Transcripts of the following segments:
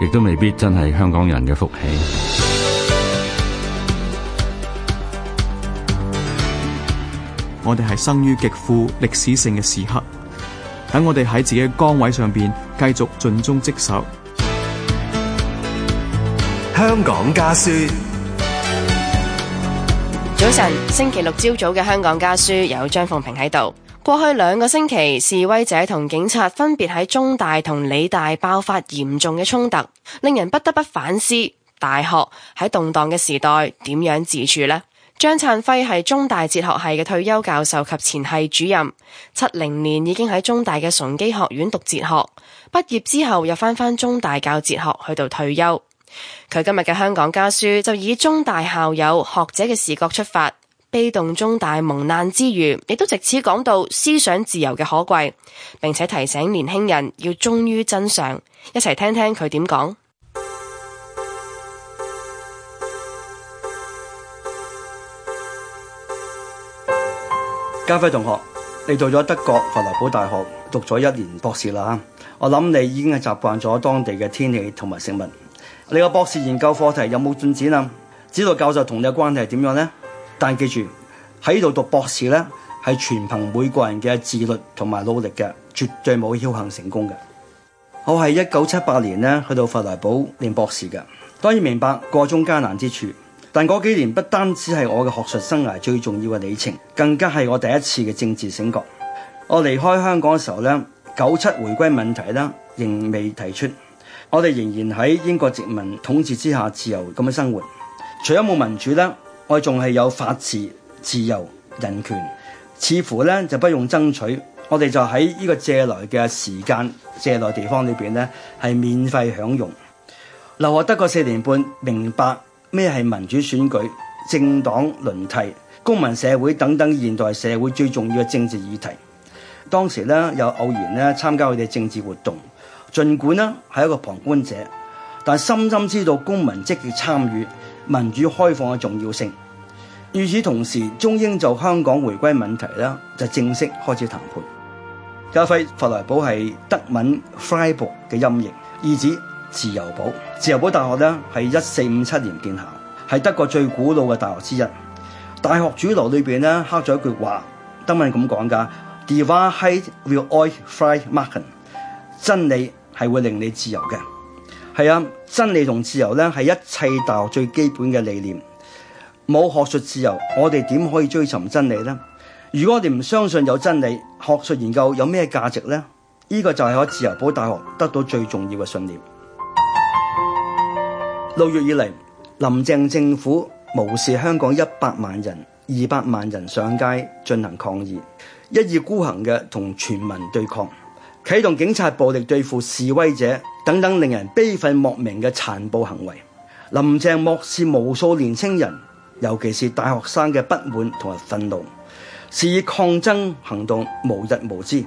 亦都未必真係香港人嘅福氣。我哋係生於極富歷史性嘅時刻，等我哋喺自己嘅崗位上邊繼續盡忠職守。香港家書，早晨，星期六朝早嘅香港家書，有張鳳平喺度。過去兩個星期，示威者同警察分別喺中大同理大爆發嚴重嘅衝突，令人不得不反思大學喺動盪嘅時代點樣自處呢？張燦輝係中大哲學系嘅退休教授及前系主任，七零年已經喺中大嘅崇基學院讀哲學，畢業之後又翻返中大教哲學去到退休。佢今日嘅香港家書就以中大校友學者嘅視角出發。悲動中大蒙難之餘，亦都直此講到思想自由嘅可貴，並且提醒年輕人要忠於真相。一齊聽聽佢點講。家輝同學，你到咗德國弗萊堡大學讀咗一年博士啦，我諗你已經係習慣咗當地嘅天氣同埋食物。你個博士研究課題有冇進展啊？指導教授同你嘅關係係點樣呢？但記住喺度讀博士咧，係全憑每個人嘅自律同埋努力嘅，絕對冇僥幸成功嘅。我係一九七八年咧去到佛萊堡念博士嘅，當然明白個中艱難之處。但嗰幾年不單止係我嘅學術生涯最重要嘅里程，更加係我第一次嘅政治醒覺。我離開香港嘅時候咧，九七回歸問題咧仍未提出，我哋仍然喺英國殖民統治之下自由咁樣生活，除咗冇民主咧。我仲係有法治自由、人權，似乎咧就不用爭取，我哋就喺呢個借來嘅時間、借來的地方裏面咧係免費享用。留學德國四年半，明白咩係民主選舉、政黨輪替、公民社會等等現代社會最重要嘅政治議題。當時咧有偶然咧參加佢哋政治活動，儘管呢係一個旁觀者，但深深知道公民積極參與，民主開放嘅重要性，與此同時中英就香港回歸問題啦，就正式開始談判。加菲弗萊堡係德文 Freiburg 嘅音譯，意指自由堡。自由堡大學咧係一四五七年建校，係德國最古老嘅大學之一。大學主樓裏邊咧刻咗一句話，德文咁講㗎 Die Wahrheit wird euch frei machen，真理係會令你自由嘅。係啊，真理同自由咧係一切大學最基本嘅理念。冇學術自由，我哋點可以追尋真理呢？如果我哋唔相信有真理，學術研究有咩價值呢？呢、呢個就係我自由堡大學得到最重要嘅信念。六月以嚟，林鄭政府無視香港一百萬人、二百萬人上街進行抗議，一意孤行嘅同全民對抗。啟動警察暴力對付示威者，等等令人悲憤莫名嘅殘暴行為，林鄭漠視無數年輕人，尤其是大學生嘅不滿同埋憤怒，是以抗爭行動無日無之。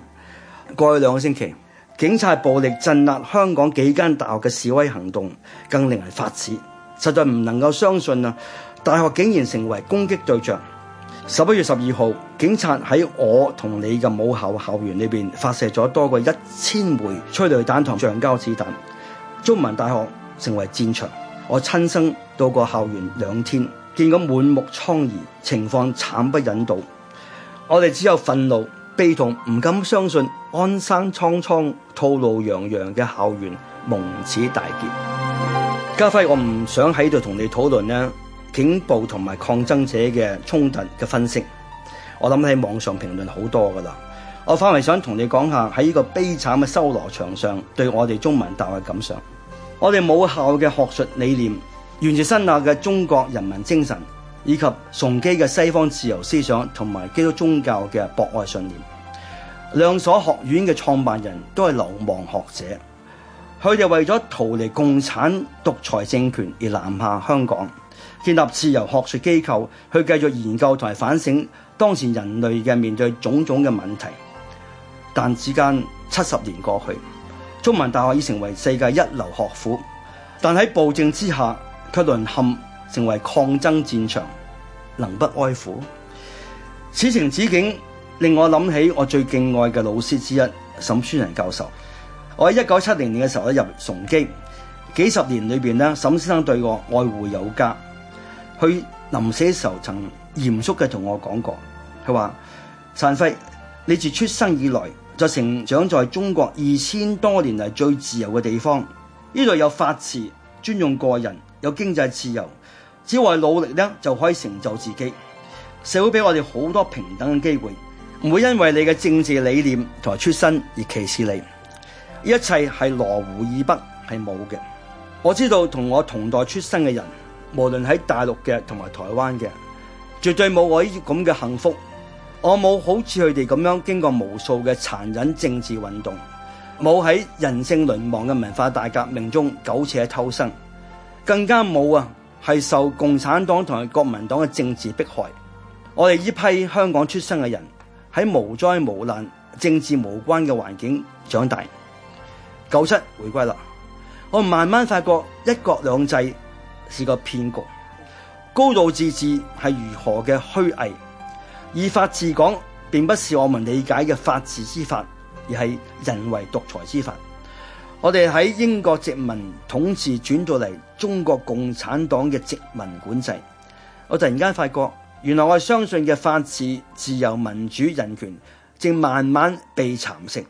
過去兩個星期，警察暴力鎮壓香港幾間大學嘅示威行動，更令人發指，實在唔能夠相信啊！大學竟然成為攻擊對象。十一月十二號，警察喺我同你嘅母校校園裏面發射咗多過一千枚催淚彈同橡膠子彈，中文大學成為戰場。我親身到過校園兩天，見到滿目瘡痍，情況慘不忍睹。我哋只有憤怒、悲痛，唔敢相信鞍山蒼蒼、吐露洋洋嘅校園，蒙此大劫。家輝，我唔想喺度同你討論呢。警暴同埋抗爭者嘅衝突嘅分析，我諗喺網上評論好多噶啦。我反而想同你講下喺呢個悲慘嘅修羅場上，對我哋中文大學嘅感想。我哋母校嘅學術理念源自新亞嘅中國人民精神，以及崇基嘅西方自由思想同埋基督宗教嘅博愛信念。兩所學院嘅創辦人都係流亡學者。佢哋為咗逃離共產獨裁政權而南下香港，建立自由學術機構，去繼續研究同埋反省當前人類嘅面對種種嘅問題。但此間七十年過去，中文大學已成為世界一流學府，但喺暴政之下，却淪陷成為抗爭戰場，能不哀苦？此情此景令我諗起我最敬愛嘅老師之一沈書仁教授。我喺一九七零年嘅時候咧入崇基，幾十年裏邊呢沈先生對我愛護有加。佢臨死嘅時候，曾嚴肅嘅同我講過，佢話：燦輝，你自出生以來就成長在中國二千多年嚟最自由嘅地方。呢度有法治，尊重個人，有經濟自由，只要努力呢就可以成就自己。社會俾我哋好多平等嘅機會，唔會因為你嘅政治理念同埋出身而歧視你。一切係羅湖以北係冇嘅。我知道同我同代出生嘅人，無論喺大陸嘅同埋台灣嘅，絕對冇我呢啲咁嘅幸福。我冇好似佢哋咁樣經過無數嘅殘忍政治運動，冇喺人性淪亡嘅文化大革命中苟且偷生，更加冇啊，係受共產黨同埋國民黨嘅政治迫害。我哋呢批香港出生嘅人喺無災無難、政治無關嘅環境長大。九七回歸啦，我慢慢發覺一國兩制是個騙局，高度自治係如何嘅虛偽，以法治港並不是我們理解嘅法治之法，而係人為獨裁之法。我哋喺英國殖民統治轉到嚟中國共產黨嘅殖民管制，我突然間發覺，原來我係相信嘅法治、自由、民主、人權，正慢慢被蠶食。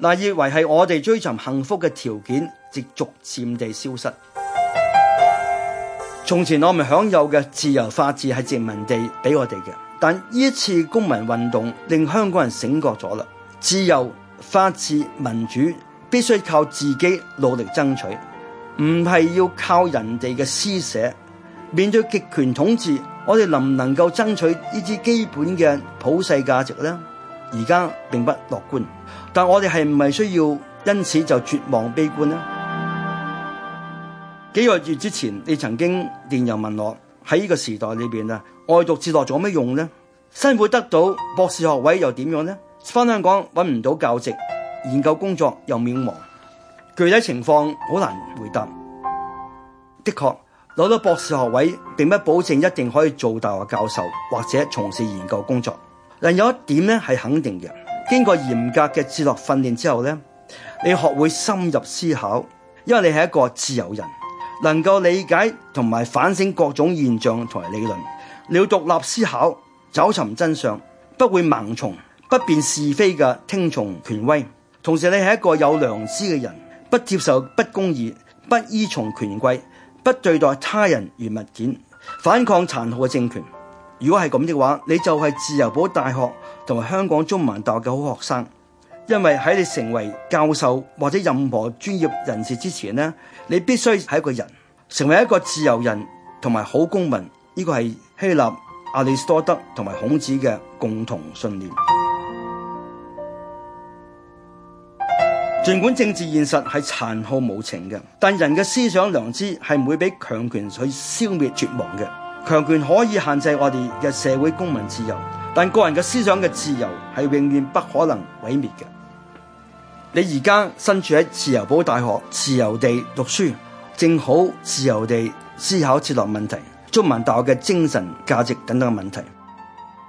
嗱，以為係我哋追尋幸福嘅條件，直逐漸地消失。從前我哋享有嘅自由法治，係殖民地俾我哋嘅，但呢次公民運動令香港人醒覺咗啦。自由、法治、民主必須靠自己努力爭取，唔係要靠人哋嘅施捨。面對極權統治，我哋能唔能夠爭取呢啲基本嘅普世價值呢？而家並不樂觀，但我哋係唔係需要因此就絕望悲觀呢？幾個月之前，你曾經電郵問我喺呢個時代裏面，啊，外讀哲學做咩用呢？辛苦得到博士學位又點樣呢？翻香港揾唔到教職，研究工作又渺茫，具體情況好難回答。的確，攞到博士學位並不保證一定可以做大學教授或者從事研究工作。但有一點咧係肯定嘅，經過嚴格嘅哲學訓練之後咧，你學會深入思考，因為你係一個自由人，能夠理解同埋反省各種現象同埋理論，你要獨立思考，找尋真相，不會盲從，不辨是非嘅聽從權威，同時你係一個有良知嘅人，不接受不公義，不依從權貴，不對待他人與物件，反抗殘酷嘅政權。如果係咁嘅話，你就係自由堡大學同埋香港中文大學嘅好學生，因為喺你成為教授或者任何專業人士之前呢，你必須係一個人，成為一個自由人同埋好公民。呢個係希臘、阿里斯多德同埋孔子嘅共同信念。儘管政治現實係殘酷無情嘅，但人嘅思想良知係唔會俾強權去消滅絕望嘅。強權可以限制我哋嘅社會公民自由，但個人嘅思想嘅自由係永遠不可能毀滅嘅。你而家身處喺自由堡大學，自由地讀書，正好自由地思考哲學問題，中文大學嘅精神價值等等問題。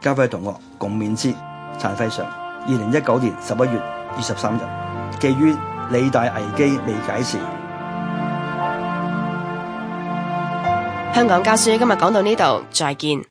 嘉輝同學共勉之，燦輝上，二零一九年十一月二十三日，寄於理大危機未解時。香港家書今日講到呢度，再見。